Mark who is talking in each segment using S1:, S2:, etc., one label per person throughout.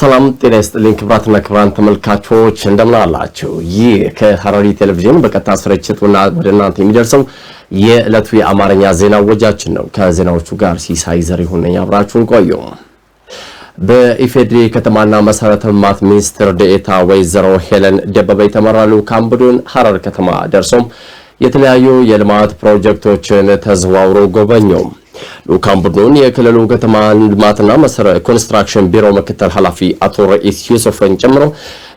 S1: ሰላም ጤና ይስጥልኝ ክቡራትና ክቡራን ተመልካቾች እንደምን አላችሁ? ይህ ከሐረሪ ቴሌቪዥን በቀጥታ ስርጭት ወደ እናንተ የሚደርሰው የዕለቱ የአማርኛ ዜና ወጃችን ነው። ከዜናዎቹ ጋር ሲሳይ ዘሪሁን ነኝ። አብራችሁን ቆዩ። በኢፌዴሪ ከተማና መሰረተ ልማት ሚኒስትር ደኤታ ወይዘሮ ሄለን ደበበ የተመራ ልዑካን ቡድን ሐረር ከተማ ደርሶም የተለያዩ የልማት ፕሮጀክቶችን ተዘዋውሮ ጎበኘው። ልዑካን ቡድኑን የክልሉ ከተማ ልማትና ኮንስትራክሽን ቢሮ ምክትል ኃላፊ አቶ ረኢስ ዩሱፍን ጨምሮ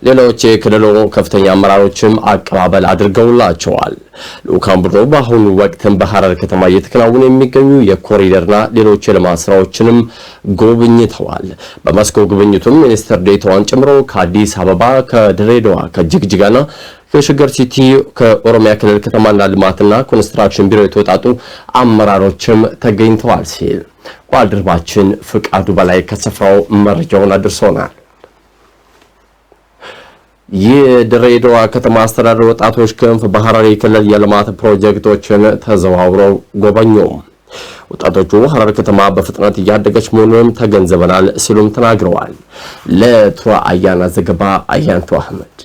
S1: ሌሎች የክልሉ ከፍተኛ አመራሮችም አቀባበል አድርገውላቸዋል። ልዑካን ቡድኑ በአሁኑ ወቅትም በሐረር ከተማ እየተከናወኑ የሚገኙ የኮሪደርና ሌሎች የልማት ስራዎችንም ጎብኝተዋል። በመስኮ ጉብኝቱም ሚኒስትር ዴኤታዋን ጨምሮ ከአዲስ አበባ፣ ከድሬዳዋ፣ ከጅግጅጋና በሸገር ሲቲ ከኦሮሚያ ክልል ከተማና ልማትና ኮንስትራክሽን ቢሮ የተወጣጡ አመራሮችም ተገኝተዋል ሲል ባልደረባችን ፍቃዱ በላይ ከስፍራው መረጃውን አድርሶናል። የድሬዳዋ ከተማ አስተዳደር ወጣቶች ክንፍ በሐረሪ ክልል የልማት ፕሮጀክቶችን ተዘዋውረው ጎበኙ። ወጣቶቹ ሐረር ከተማ በፍጥነት እያደገች መሆኑንም ተገንዝበናል ሲሉም ተናግረዋል። ለቱራ አያና ዘገባ አያንቱ አህመድ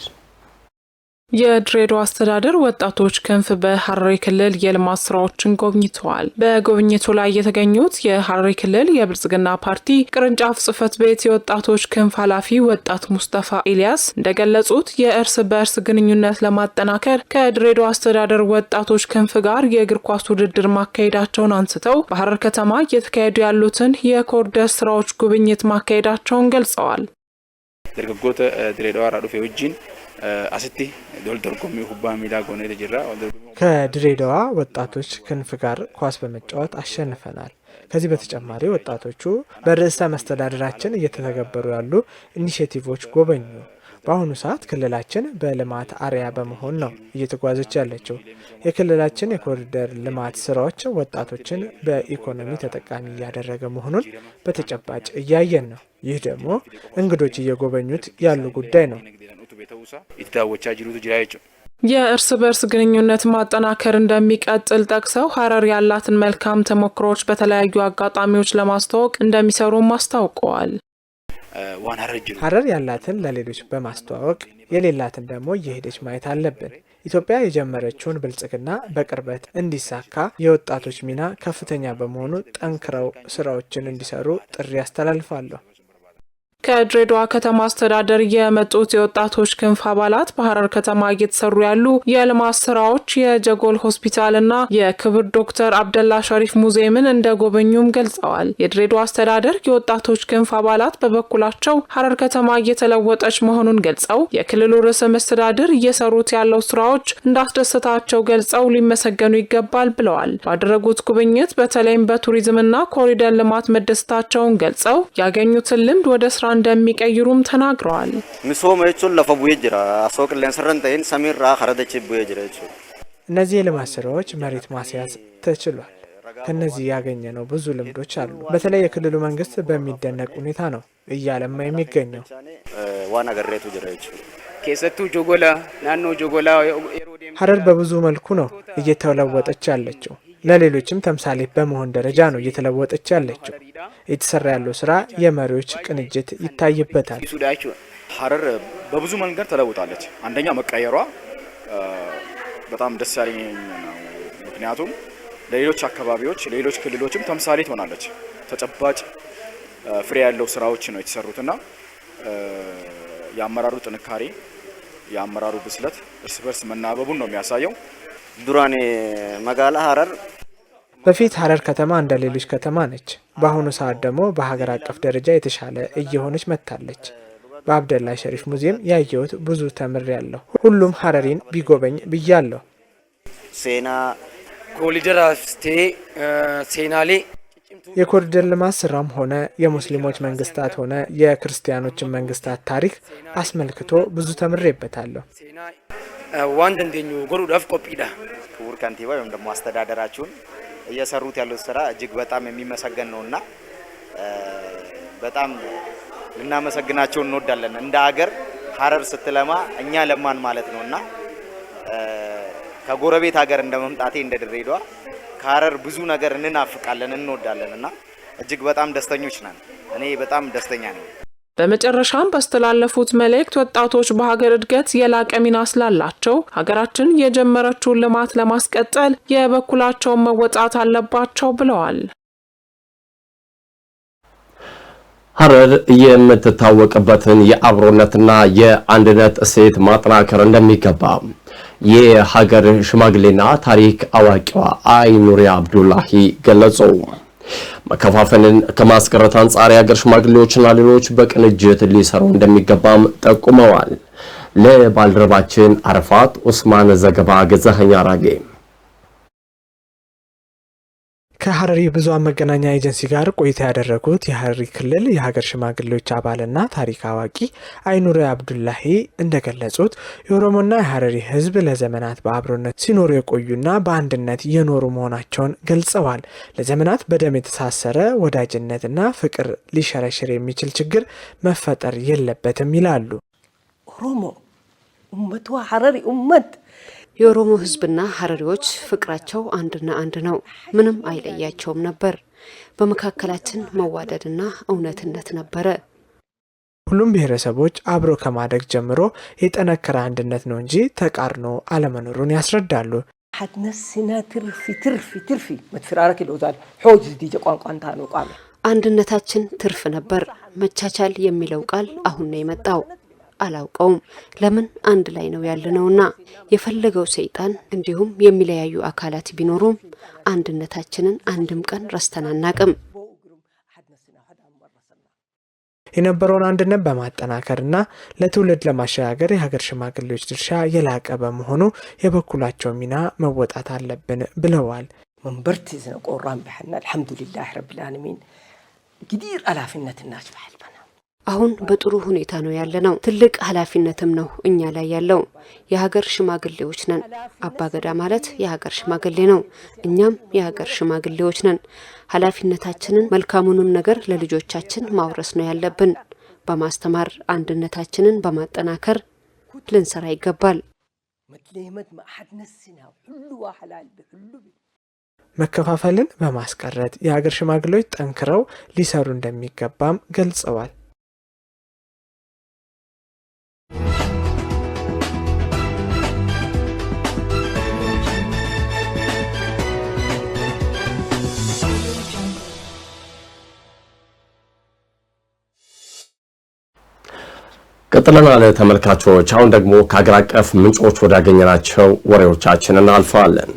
S2: የድሬዳዋ አስተዳደር ወጣቶች ክንፍ በሐረሪ ክልል የልማት ስራዎችን ጎብኝተዋል። በጉብኝቱ ላይ የተገኙት የሐረሪ ክልል የብልጽግና ፓርቲ ቅርንጫፍ ጽህፈት ቤት የወጣቶች ክንፍ ኃላፊ ወጣት ሙስጠፋ ኤልያስ እንደገለጹት የእርስ በእርስ ግንኙነት ለማጠናከር ከድሬዳዋ አስተዳደር ወጣቶች ክንፍ ጋር የእግር ኳስ ውድድር ማካሄዳቸውን አንስተው በሐረር ከተማ እየተካሄዱ ያሉትን የኮሪደር ስራዎች ጉብኝት ማካሄዳቸውን ገልጸዋል።
S3: ድርግጎተ ድሬዳዋ ራዱፌ ውጅን አስቲ ዶልዶርጎሚ ሁባ ሚዳ ጎነ ተጅራ
S4: ከድሬዳዋ ወጣቶች ክንፍ ጋር ኳስ በመጫወት አሸንፈናል። ከዚህ በተጨማሪ ወጣቶቹ በርዕሰ መስተዳደራችን እየተተገበሩ ያሉ ኢኒሽቲቮች ጎበኙ። በአሁኑ ሰዓት ክልላችን በልማት አርያ በመሆን ነው እየተጓዘች ያለችው። የክልላችን የኮሪደር ልማት ስራዎች ወጣቶችን በኢኮኖሚ ተጠቃሚ እያደረገ መሆኑን በተጨባጭ እያየን ነው። ይህ ደግሞ እንግዶች እየጎበኙት ያሉ ጉዳይ ነው።
S5: የእርስ በርስ ግንኙነት ማጠናከር እንደሚቀጥል ጠቅሰው ሀረር ያላትን መልካም ተሞክሮዎች በተለያዩ አጋጣሚዎች ለማስተዋወቅ እንደሚሰሩም አስታውቀዋል።
S6: ሀረር ያላትን ለሌሎች በማስተዋወቅ የሌላትን ደግሞ እየሄደች ማየት አለብን። ኢትዮጵያ የጀመረችውን ብልጽግና በቅርበት እንዲሳካ የወጣቶች ሚና ከፍተኛ በመሆኑ ጠንክረው ስራዎችን እንዲሰሩ ጥሪ አስተላልፋለሁ።
S7: ከድሬዳዋ ከተማ አስተዳደር የመጡት የወጣቶች ክንፍ አባላት በሐረር ከተማ እየተሰሩ ያሉ የልማት ስራዎች የጀጎል ሆስፒታልና የክብር ዶክተር አብደላ ሸሪፍ ሙዚየምን እንደጎበኙም ገልጸዋል። የድሬዳዋ አስተዳደር የወጣቶች ክንፍ አባላት በበኩላቸው ሐረር ከተማ እየተለወጠች መሆኑን ገልጸው የክልሉ ርዕሰ መስተዳድር እየሰሩት ያለው ስራዎች እንዳስደሰታቸው ገልጸው ሊመሰገኑ ይገባል ብለዋል። ባደረጉት ጉብኝት በተለይም በቱሪዝምና ኮሪደር ልማት መደሰታቸውን ገልጸው ያገኙትን ልምድ ወደ ስራ እንደሚቀይሩም ተናግረዋል።
S8: ሚሶመ ቹን ለፈ ጅራ አሶቅ ቅሌንሰረን ተይን ሰሚራ ከረደች ቡዬ ጅረ
S9: እነዚህ የልማት ስራዎች መሬት ማስያዝ ተችሏል። ከነዚህ ያገኘ ነው ብዙ ልምዶች አሉ። በተለይ የክልሉ መንግስት በሚደነቅ ሁኔታ ነው እያለማ የሚገኘው። ዋና ገሬቱ ጅረች ኬሰቱ ጆጎላ ናኖ ጆጎላ ሀረር በብዙ መልኩ ነው እየተለወጠች ያለችው። ለሌሎችም ተምሳሌት በመሆን ደረጃ ነው እየተለወጠች ያለችው። እየተሰራ ያለው ስራ የመሪዎች ቅንጅት ይታይበታል።
S10: ሀረር በብዙ መንገድ ተለውጣለች። አንደኛ መቀየሯ በጣም ደስ ያለኝ ነው። ምክንያቱም ለሌሎች አካባቢዎች፣ ለሌሎች ክልሎችም ተምሳሌ ትሆናለች ተጨባጭ ፍሬ ያለው ስራዎች ነው የተሰሩትና የአመራሩ ጥንካሬ፣ የአመራሩ ብስለት እርስ በርስ መናበቡን ነው የሚያሳየው።
S11: ዱራኔ መጋላ ሀረር
S9: በፊት ሀረር ከተማ እንደ ሌሎች ከተማ ነች። በአሁኑ ሰዓት ደግሞ በሀገር አቀፍ ደረጃ የተሻለ እየሆነች መጥታለች። በአብደላ ሸሪፍ ሙዚየም ያየሁት ብዙ ያለሁ ሁሉም ሀረሪን ቢጎበኝ ብያለሁ።
S12: ሴና ኮሪደር አፍቴ ሴናሌ
S9: የኮሪደር ልማት ስራም ሆነ የሙስሊሞች መንግስታት ሆነ የክርስቲያኖችን መንግስታት ታሪክ አስመልክቶ ብዙ ተምሬበታለሁ።
S13: ዋንት እንደኙ ጎሩዳፍ ቆጲዳ
S14: ክቡር ከንቲባ ወይም ደግሞ አስተዳደራችሁን እየሰሩት ያለው ስራ እጅግ በጣም የሚመሰገን ነውና በጣም ልናመሰግናቸው እንወዳለን። እንደ ሀገር ሀረር ስትለማ እኛ ለማን ማለት ነውና ከጎረቤት ሀገር እንደ መምጣቴ እንደ ከሀረር ብዙ ነገር እንናፍቃለን፣ እንወዳለን እና እጅግ በጣም ደስተኞች ነን። እኔ በጣም ደስተኛ ነኝ።
S2: በመጨረሻም ባስተላለፉት መልእክት ወጣቶች በሀገር እድገት የላቀ ሚና ስላላቸው ሀገራችን የጀመረችውን ልማት ለማስቀጠል የበኩላቸውን መወጣት አለባቸው ብለዋል።
S1: ሀረር የምትታወቅበትን የአብሮነትና የአንድነት እሴት ማጠናከር እንደሚገባ የሀገር ሽማግሌና ታሪክ አዋቂዋ አይኑሪያ አብዱላሂ ገለጹ። መከፋፈልን ከማስቀረት አንጻር የሀገር ሽማግሌዎችና ሌሎች በቅንጅት ሊሰሩ እንደሚገባም ጠቁመዋል። ለባልደረባችን አረፋት ኡስማን ዘገባ ገዛኸኝ አራጌ
S9: ከሀረሪ ብዙሃን መገናኛ ኤጀንሲ ጋር ቆይታ ያደረጉት የሀረሪ ክልል የሀገር ሽማግሌዎች አባልና ታሪክ አዋቂ አይኑሪ አብዱላሂ እንደገለጹት የኦሮሞና የሀረሪ ሕዝብ ለዘመናት በአብሮነት ሲኖሩ የቆዩና በአንድነት የኖሩ መሆናቸውን ገልጸዋል። ለዘመናት በደም የተሳሰረ ወዳጅነትና ፍቅር ሊሸረሽር የሚችል ችግር መፈጠር የለበትም ይላሉ።
S15: ኦሮሞ ኡመቱ ሀረሪ ኡመት
S16: የኦሮሞ ህዝብና ሀረሪዎች ፍቅራቸው አንድና አንድ ነው። ምንም አይለያቸውም ነበር። በመካከላችን መዋደድና እውነትነት ነበረ።
S9: ሁሉም ብሔረሰቦች አብሮ ከማደግ ጀምሮ የጠነከረ አንድነት ነው እንጂ ተቃርኖ አለመኖሩን ያስረዳሉ።
S17: ሓድነስና ትርፊ ትርፊ ትርፊ መትፍራረክ ይለውታል ዝዲጀ ቋንቋ እንታ ነው
S18: አንድነታችን ትርፍ ነበር። መቻቻል የሚለው ቃል አሁን ነው የመጣው። አላውቀውም። ለምን አንድ ላይ ነው ያለነውና የፈለገው ሰይጣን እንዲሁም የሚለያዩ አካላት ቢኖሩም አንድነታችንን አንድም ቀን ረስተን አናቅም።
S9: የነበረውን አንድነት በማጠናከርና ለትውልድ ለማሸጋገር የሀገር ሽማግሌዎች ድርሻ የላቀ በመሆኑ የበኩላቸው ሚና መወጣት አለብን ብለዋል።
S19: መንበርቲ ዝነቆራን ብሐና አልሐምዱሊላህ ረቢልዓለሚን ግዲር አላፊነት እናችባል
S20: አሁን በጥሩ ሁኔታ ነው ያለነው። ትልቅ ኃላፊነትም ነው እኛ ላይ ያለው። የሀገር ሽማግሌዎች ነን። አባገዳ ማለት የሀገር ሽማግሌ ነው። እኛም የሀገር ሽማግሌዎች ነን። ኃላፊነታችንን መልካሙንም ነገር ለልጆቻችን ማውረስ ነው ያለብን። በማስተማር አንድነታችንን በማጠናከር ልንሰራ ይገባል።
S9: መከፋፈልን በማስቀረት የሀገር ሽማግሌዎች ጠንክረው ሊሰሩ እንደሚገባም ገልጸዋል።
S1: ቀጥለናል ተመልካቾች። አሁን ደግሞ ከሀገር አቀፍ ምንጮች ወዳገኘናቸው ወሬዎቻችን እናልፋለን።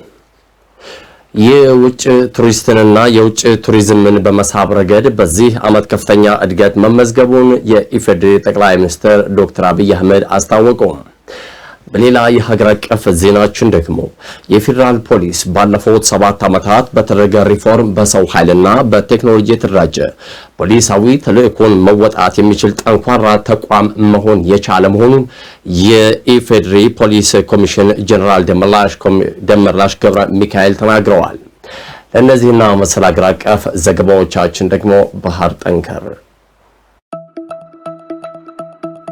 S1: የውጭ ቱሪስትንና የውጭ ቱሪዝምን በመሳብ ረገድ በዚህ ዓመት ከፍተኛ እድገት መመዝገቡን የኢፌዴሪ ጠቅላይ ሚኒስትር ዶክተር አብይ አህመድ አስታወቁም። በሌላ የሀገር አቀፍ ዜናችን ደግሞ የፌዴራል ፖሊስ ባለፉት ሰባት ዓመታት በተደረገ ሪፎርም በሰው ኃይልና በቴክኖሎጂ የተደራጀ ፖሊሳዊ ተልእኮን መወጣት የሚችል ጠንኳራ ተቋም መሆን የቻለ መሆኑን የኢፌዴሪ ፖሊስ ኮሚሽን ጀኔራል ደመላሽ ገብረ ሚካኤል ተናግረዋል። ለእነዚህና መሰል አገር አቀፍ ዘገባዎቻችን ደግሞ ባህር ጠንከር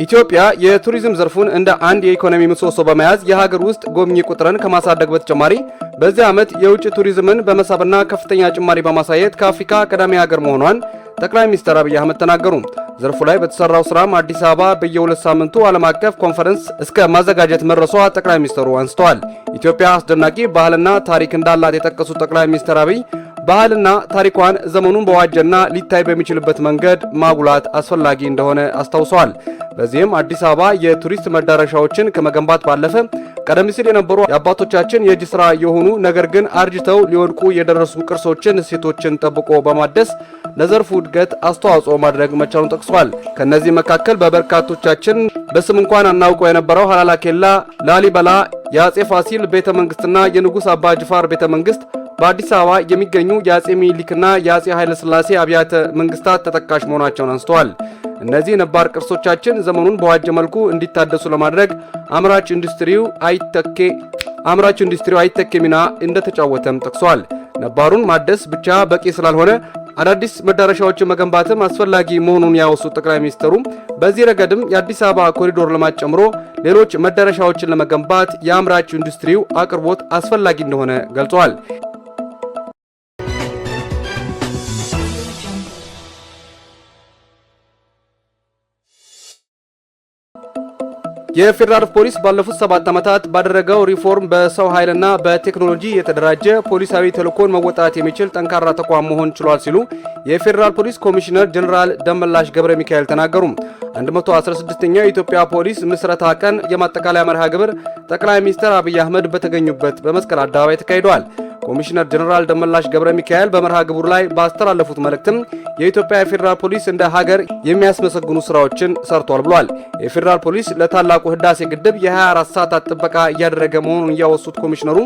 S21: ኢትዮጵያ የቱሪዝም ዘርፉን እንደ አንድ የኢኮኖሚ ምሰሶ በመያዝ የሀገር ውስጥ ጎብኚ ቁጥርን ከማሳደግ በተጨማሪ በዚህ ዓመት የውጭ ቱሪዝምን በመሳብና ከፍተኛ ጭማሪ በማሳየት ከአፍሪካ ቀዳሚ ሀገር መሆኗን ጠቅላይ ሚኒስትር አብይ አህመድ ተናገሩ። ዘርፉ ላይ በተሰራው ስራም አዲስ አበባ በየሁለት ሳምንቱ ዓለም አቀፍ ኮንፈረንስ እስከ ማዘጋጀት መድረሷ ጠቅላይ ሚኒስትሩ አንስተዋል። ኢትዮጵያ አስደናቂ ባህልና ታሪክ እንዳላት የጠቀሱት ጠቅላይ ሚኒስትር አብይ ባህልና ታሪኳን ዘመኑን በዋጀና ሊታይ በሚችልበት መንገድ ማጉላት አስፈላጊ እንደሆነ አስታውሰዋል። በዚህም አዲስ አበባ የቱሪስት መዳረሻዎችን ከመገንባት ባለፈ ቀደም ሲል የነበሩ የአባቶቻችን የእጅ ስራ የሆኑ ነገር ግን አርጅተው ሊወድቁ የደረሱ ቅርሶችን፣ እሴቶችን ጠብቆ በማደስ ለዘርፉ እድገት አስተዋጽኦ ማድረግ መቻሉን ጠቅሷል። ከእነዚህ መካከል በበርካቶቻችን በስም እንኳን አናውቀው የነበረው ሀላላ ኬላ፣ ላሊበላ፣ የአጼ ፋሲል ቤተ መንግስትና የንጉሥ አባ ጅፋር ቤተ መንግስት በአዲስ አበባ የሚገኙ የአጼ ሚኒሊክና የአጼ ሥላሴ አብያተ መንግስታት ተጠቃሽ መሆናቸውን አንስተዋል። እነዚህ ነባር ቅርሶቻችን ዘመኑን በዋጀ መልኩ እንዲታደሱ ለማድረግ አምራች ኢንዱስትሪው አይተኬ አምራች ኢንዱስትሪው አይተኬ ሚና እንደተጫወተም ጠቅሷል። ነባሩን ማደስ ብቻ በቂ ስላልሆነ አዳዲስ መዳረሻዎችን መገንባትም አስፈላጊ መሆኑን ያወሱት ጠቅላይ ሚኒስትሩም በዚህ ረገድም የአዲስ አበባ ኮሪዶር ልማት ጨምሮ ሌሎች መዳረሻዎችን ለመገንባት የአምራች ኢንዱስትሪው አቅርቦት አስፈላጊ እንደሆነ ገልጸዋል። የፌዴራል ፖሊስ ባለፉት ሰባት ዓመታት ባደረገው ሪፎርም በሰው ኃይልና በቴክኖሎጂ የተደራጀ ፖሊሳዊ ተልዕኮን መወጣት የሚችል ጠንካራ ተቋም መሆን ችሏል ሲሉ የፌዴራል ፖሊስ ኮሚሽነር ጀኔራል ደመላሽ ገብረ ሚካኤል ተናገሩ። 116ኛው የኢትዮጵያ ፖሊስ ምስረታ ቀን የማጠቃለያ መርሃ ግብር ጠቅላይ ሚኒስትር አብይ አህመድ በተገኙበት በመስቀል አደባባይ ተካሂደዋል። ኮሚሽነር ጀኔራል ደመላሽ ገብረ ሚካኤል በመርሃ ግብሩ ላይ ባስተላለፉት መልእክትም የኢትዮጵያ የፌዴራል ፖሊስ እንደ ሀገር የሚያስመሰግኑ ስራዎችን ሰርቷል ብሏል። የፌዴራል ፖሊስ ለታላቁ ህዳሴ ግድብ የ24 ሰዓታት ጥበቃ እያደረገ መሆኑን ያወሱት ኮሚሽነሩ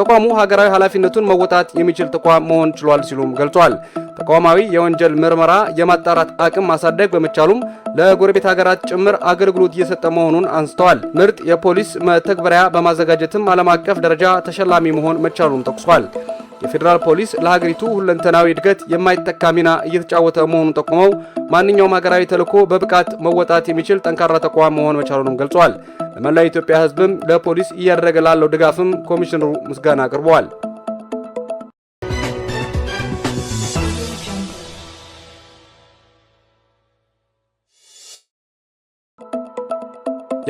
S21: ተቋሙ ሀገራዊ ኃላፊነቱን መወጣት የሚችል ተቋም መሆን ችሏል ሲሉም ገልጿል። ተቋማዊ የወንጀል ምርመራ የማጣራት አቅም ማሳደግ በመቻሉም ለጎረቤት ሀገራት ጭምር አገልግሎት እየሰጠ መሆኑን አንስተዋል። ምርጥ የፖሊስ መተግበሪያ በማዘጋጀትም ዓለም አቀፍ ደረጃ ተሸላሚ መሆን መቻሉም ጠቁሷል። የፌዴራል ፖሊስ ለሀገሪቱ ሁለንተናዊ እድገት የማይተካ ሚና እየተጫወተ መሆኑን ጠቁመው ማንኛውም ሀገራዊ ተልዕኮ በብቃት መወጣት የሚችል ጠንካራ ተቋም መሆን መቻሉንም ገልጿል። ለመላው ኢትዮጵያ ሕዝብም ለፖሊስ እያደረገ ላለው ድጋፍም ኮሚሽነሩ ምስጋና አቅርበዋል።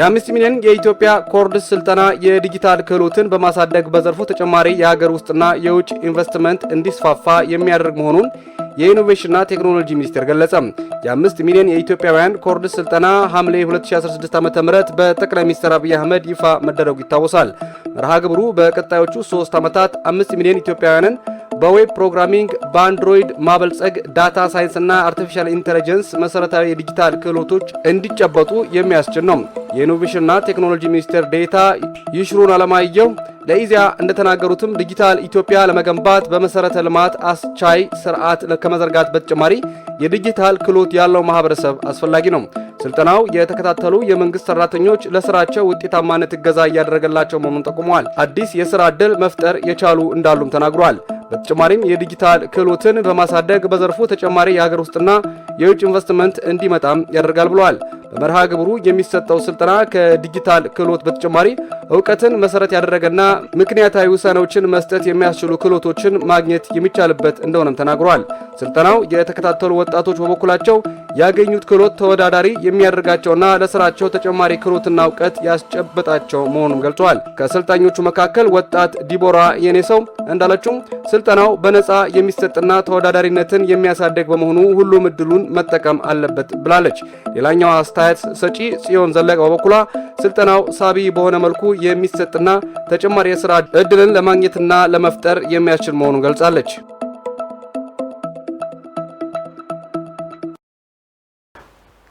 S22: የአምስት ሚሊዮን የኢትዮጵያ ኮርድስ ስልጠና የዲጂታል ክህሎትን በማሳደግ በዘርፉ ተጨማሪ የሀገር ውስጥና የውጭ ኢንቨስትመንት እንዲስፋፋ የሚያደርግ መሆኑን የኢኖቬሽንና ቴክኖሎጂ ሚኒስቴር ገለጸ። የአምስት ሚሊዮን የኢትዮጵያውያን ኮርድስ ስልጠና ሐምሌ 2016 ዓ ም በጠቅላይ ሚኒስትር አብይ አህመድ ይፋ መደረጉ ይታወሳል። መርሃ ግብሩ በቀጣዮቹ ሶስት ዓመታት አምስት ሚሊዮን ኢትዮጵያውያንን በዌብ ፕሮግራሚንግ፣ በአንድሮይድ ማበልጸግ፣ ዳታ ሳይንስና አርቲፊሻል ኢንቴሊጀንስ መሰረታዊ የዲጂታል ክህሎቶች እንዲጨበጡ የሚያስችል ነው። የኢኖቬሽንና ቴክኖሎጂ ሚኒስቴር ዴታ ይሽሩን አለማየሁ ለኢዜአ እንደተናገሩትም ዲጂታል ኢትዮጵያ ለመገንባት በመሰረተ ልማት አስቻይ ስርዓት ከመዘርጋት በተጨማሪ የዲጂታል ክህሎት ያለው ማህበረሰብ አስፈላጊ ነው። ስልጠናው የተከታተሉ የመንግስት ሰራተኞች ለስራቸው ውጤታማነት እገዛ እያደረገላቸው መሆኑን ጠቁመዋል። አዲስ የስራ ዕድል መፍጠር የቻሉ እንዳሉም ተናግሯል። በተጨማሪም የዲጂታል ክህሎትን በማሳደግ በዘርፉ ተጨማሪ የሀገር ውስጥና የውጭ ኢንቨስትመንት እንዲመጣም ያደርጋል ብለዋል። በመርሃ ግብሩ የሚሰጠው ስልጠና ከዲጂታል ክህሎት በተጨማሪ እውቀትን መሰረት ያደረገና ምክንያታዊ ውሳኔዎችን መስጠት የሚያስችሉ ክህሎቶችን ማግኘት የሚቻልበት እንደሆነም ተናግሯል። ስልጠናው የተከታተሉ ወጣቶች በበኩላቸው ያገኙት ክህሎት ተወዳዳሪ የሚያደርጋቸውና ለስራቸው ተጨማሪ ክህሎትና እውቀት ያስጨበጣቸው መሆኑን ገልጿል። ከሰልጣኞቹ መካከል ወጣት ዲቦራ የኔ ሰው እንዳለችው ስልጠናው በነፃ የሚሰጥና ተወዳዳሪነትን የሚያሳደግ በመሆኑ ሁሉም እድሉን መጠቀም አለበት ብላለች። ሌላኛው አስተያየት ሰጪ ጽዮን ዘለቀ በበኩሏ ስልጠናው ሳቢ በሆነ መልኩ የሚሰጥና ተጨማሪ የስራ እድልን ለማግኘትና ለመፍጠር የሚያስችል መሆኑን ገልጻለች።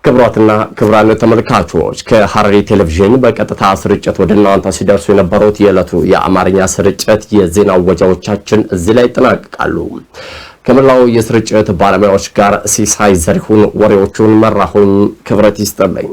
S1: ክብሯትና ክብራን ተመልካቾች ከሐረሪ ቴሌቪዥን በቀጥታ ስርጭት ወደ እናንተ ሲደርሱ የነበሩት የዕለቱ የአማርኛ ስርጭት የዜና ወጃዎቻችን እዚህ ላይ ይጠናቀቃሉ። ከመላው የስርጭት ባለሙያዎች ጋር ሲሳይ ዘሪሁን ወሬዎቹን መራሁን። ክብረት ይስጥልኝ።